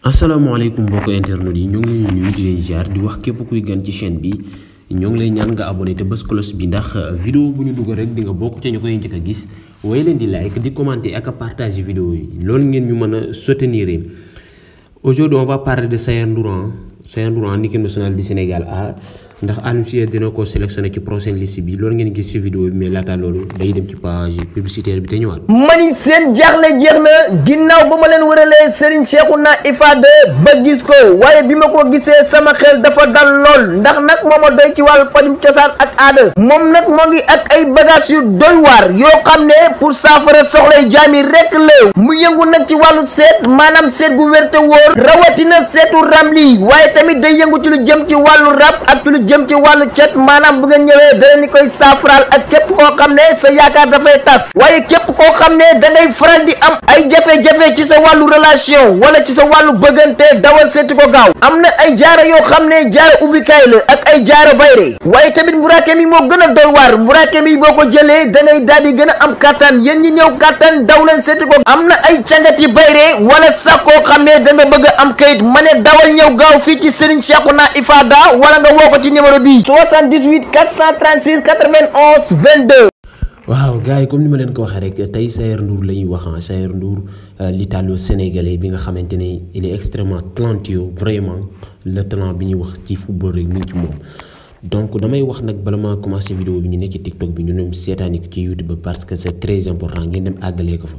assalamualeykum mbokk internet yi ñu ngi leen ñuy di leen ziar di wax képp kuy gan ci chaîne bi ñu ngi lay ñaan nga abonné te bës cloche bi ndax vidéo bu ñu duggal rek di nga bokk ci ñu koy ñëk gis way leen di like di commenter ak partager vidéo yi loolu ngeen ñu mën a soutenir aujourd'hui on va parler de Sayan Durand Sayan Durand national du Sénégal à ah. ndax Alioune Seye dina ko sélectionné ci prochaine liste bi loolu ngeen gis ci vidéo bi mais laata loolu day dem ci page publicitaire bi te ñëwaat. mani seen jaaxle jeex na ginnaaw ba ma leen wëralee Serigne Cheikhouna Ifade ba gis ko waaye bi ma ko gisee sama xel dafa dal lool ndax nag moo ma doy ci wàllu pajum cosaan ak aada moom nag moo ngi ak ay bagages yu doy waar yoo xam ne pour saafara soxlay jaam yi la mu yëngu nag ci wàllu seet maanaam seet gu we te wóor rawatina seetu ramli waaye tamit day yëngu ci lu jëm ci wàllu jëm ci wàllu cet maanaam bu ngeen ñëwee dana ni koy saafaral ak képp koo xam ne sa yaakaar dafay tas waaye képp ko xamne da ngay faral di am ay jafé jafé ci sa walu relation wala ci sa walu bëggante dawal seeti ko gaaw amna ay jaara yo xamne jaara ubi kay la ak ay jaara bayré waaye tamit Murakami moo gën a doy waar Murakami boo ko jëlee dangay daal di gëna am katan yeen ñi ñëw katan dawlan leen ko amna ay ciangati bayré wala sa ko xamne da nga bëgg am kayit mané dawal ñëw gaaw fi ci Serigne na Ifada wala nga woko ci numéro bi 78 436 91 22 waaw gars yi comme ni ma leen ko waxee rek tey Saër Ndour la ñuy wax ah, Ndour euh, l'italo sénégalais bi nga xamante ne il est extrêmement talentueux vraiment le talent bi ñuy wax ci football rek ñu ci moom. donc damay wax nag bala maa commencé vidéo bi ñu nekk TikTok bi ñu ne seetaani ko ci YouTube parce que c'est très important ngeen dem àggalee ko fa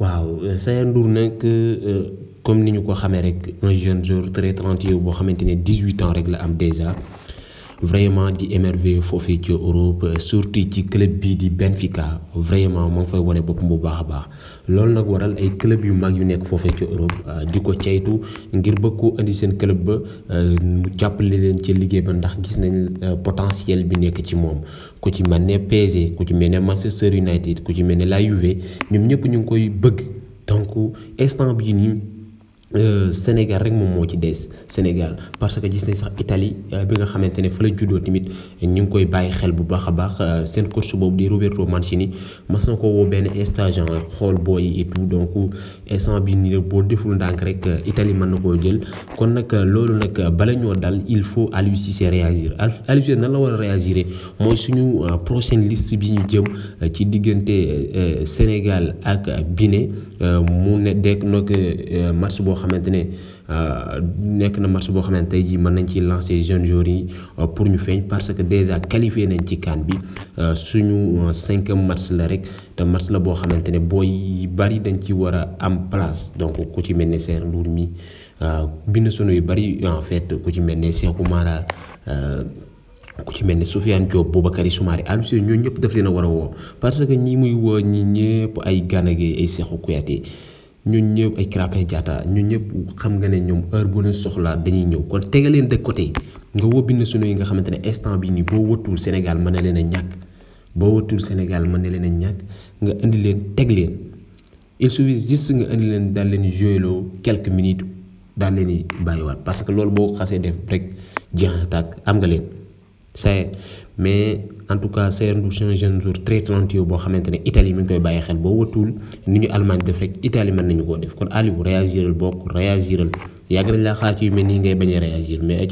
waaw euh, Saër Ndour nag euh, comme ni ñu ko xamee rek un jeune joueur très talentueux boo xamante ne 18 ans rek la am déjà vraiment di émerveillé fofé ci Europe surtout ci club bi di Benfica vraiment moo fay woné boppam bu baax baax loolu nak waral ay club yu mag yu nek fofé ci Europe euh, diko ko ceytu ngir bëgg koo indi seen club ba euh, mu jàppale len ci liggéey ba ndax gis nañ euh, potentiel bi nek ci mom ku ci mel PSG ku ci mel Manchester United ku ci mel la Juve ñoom ñëpp ñu koy bëgg donc instant bi ni euh, Sénégal rek des Sénégal parce que gis nañ sax Italie euh, bi nga xamantene fa la ñu koy xel bu baax euh, coach bobu di Roberto Mancini mas na ko wo ben stage et tout donc instant bi nii deful rek Italie na jël kon que lolu nak bala dal il faut Aliou c'est réagir à la réagir Senegal suñu prochaine liste bi ñu ci Sénégal ak mu xamante ne euh, nekk na match boo xam ne tey jii mën nañ ci lancer jeunes joueurs yi euh, pour ñu feeñ parce que déjà qualifié nañ ci kan bi euh, suñu cinquième match la rek te match la boo xamante ne yi bari dañ ci war a am place donc ku ci mel ne Cher Ndour mi bind sunu yu bari en fait ku ci mel ne Cheikhou Mara ku ci mel ne Soufiane Diop Boubakary Soumaré Aliou Cissé ñoo ñëpp daf leen a war a woo parce que ñi muy woo ñi ñëpp ay Gana ay Cheikhou Kouyaté ñun ñëw ay Krépin jataa ñun ñëpp xam nga ne ñoom heure bu leen soxlaa dañuy ñëw kon tegaleen de côté nga wóbbi na sunu yi nga xamante ne instant bi nii boo wëttuwul Sénégal mën na leen a ñàkk boo wëttuwul Sénégal mën na leen a ñàkk nga indi leen teg leen il suffit juste nga indi leen daal leen jooyloo quelques minutes daal leen di bàyyiwaat parce que loolu boo xasee def rek jeex na tàkk am nga leen. ça y mais en tout cas Sayer Ndour c'est un jeune joueur boo xamante ne Italie mi ngi koy bàyyi xel boo wëtuwul ni ñu Allemagne def rek Italie mën nañu koo def kon Aliou réagiral bokk réagiral yàgg nañ laa xaar ci yu mel nii ngay bañ a réagir mais.